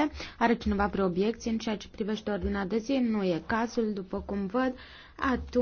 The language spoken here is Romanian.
zile. Are cineva vreo obiecție în ceea ce privește ordinea de zi? Nu e cazul, după cum văd. Atunci...